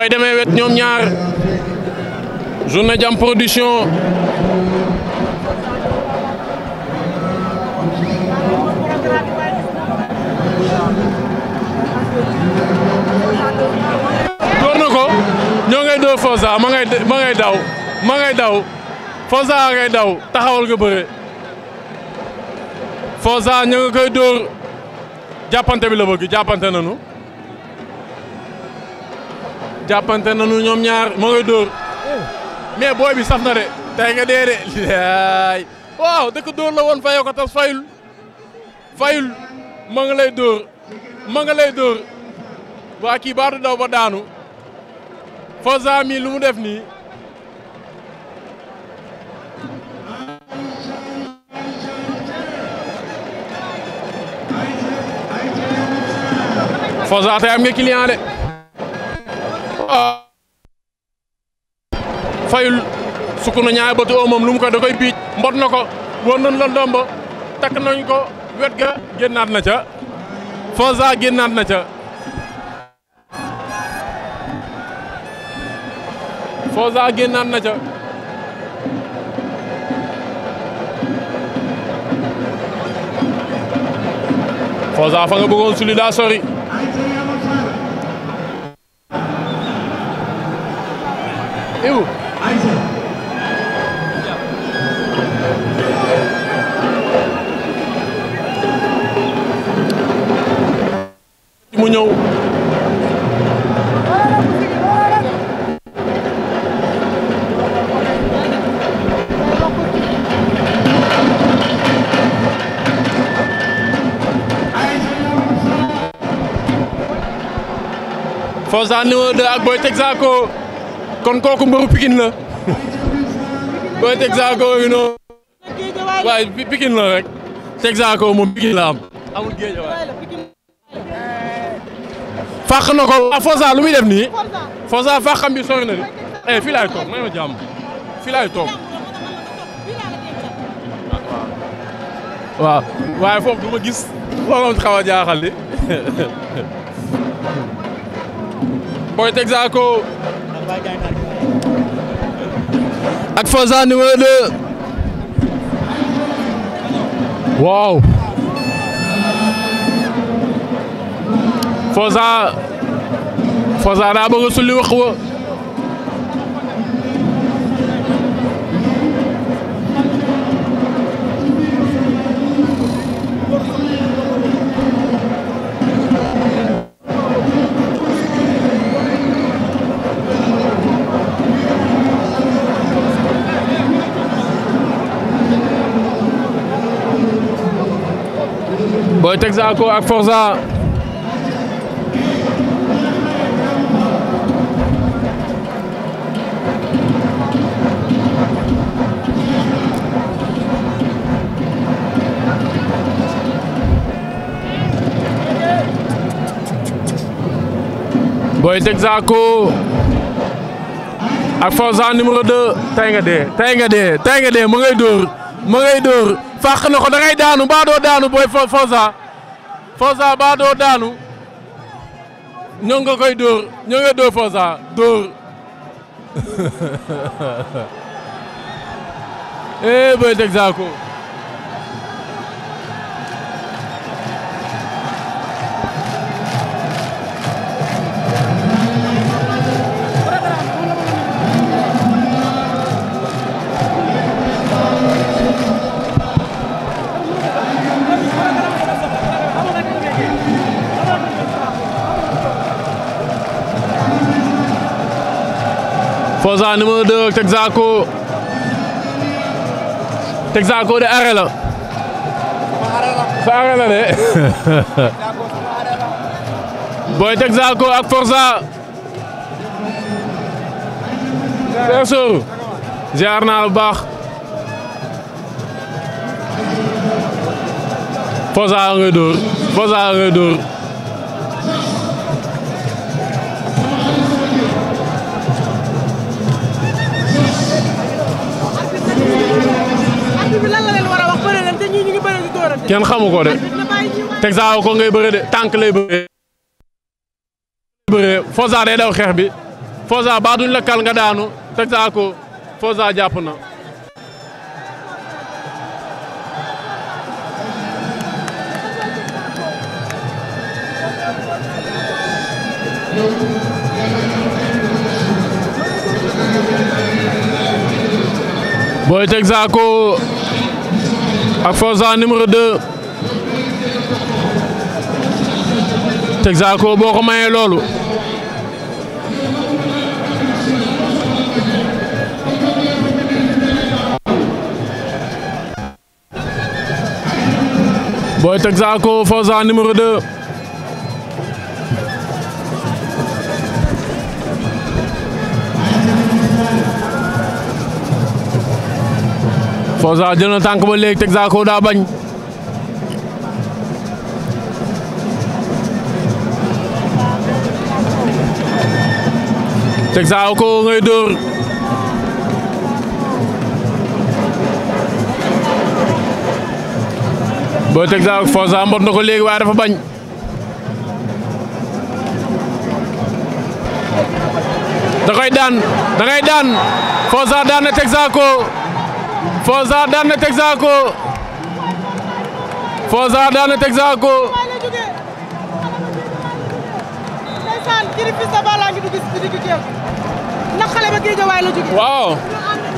way deme wet ñoom ñaar journée Jam Production door na ko ñoo ngay door Forza ma ngay ma ngay daw ma ngay daw Forza ngay daw taxawal nga bëre Forza ñoo nga koy door jàppante bi la bëgg jàppante nañu jàppante nañu ñoom ñaar ma ngay dóor mais booy bi saf de tey nga dee de laay waaw dëkk dóor la woon fayoo tas fayul fayul ma lay dóor ma lay dóor waa kii daw ba daanu Forza mi lu def nii Forza tey am nga client fayul sukkandu ñaari bëtu oo moom lu mu ko da koy piic mbot na ko wër nañ la ndomb takk nañ ko wet ga génnaat na ca Forza génnaat na ca Forza génnaat na ca Forza fa nga bëggoon suli daa sori Eu. mu ñëw. Forza numéro 2 ak kon kooku mbëru Pikine la booy Texaco yi noonu waaye Pikine la rek Texaco moom Pikine la am amul géej waaye. fàq ah, lu muy def nii Forza fàqam bi sori na de eh fii laay waaw waaye foofu du ma gis looloo xaw a jaaxal li booy Texaco. ak Forza numéro 2 waaw Forza Forza daa bëgg a sulli wax wa Boy Texaco ak Forza Boy Texaco ak Forza numéro 2 tey nga dee tey nga dee tey nga fàq na ko da ngay daanu mbaa doo daanu booy Forza Forza mbaa doo daanu ñoo koy dóor ñoo nga dóor Forza dóor eh booy Forza numéro 2 Texaco Texaco de arrêt la sa arrêt la de Boy Texaco ak Forza Cheikh ziar naa baax Forza ngay dóor Forza ngay dóor kenn xamu ko de Texas ko ngay bëre de tànk lay bëree bëree Forza day daw xeex bi Forza baa duñ la kal nga daanu Texas ko Forza jàpp booy Texas ko ak Forza numéro 2 Texaco boo ko mayee loolu booy Texaco Forza numéro 2 Forza jël na ba léegi Texaco daa bañ Texaco ngay dóor booy Texaco Forza mbot na léegi waaye dafa bañ da daan da daan Forza daan na Texaco Forza daan na Texaco Forza daan na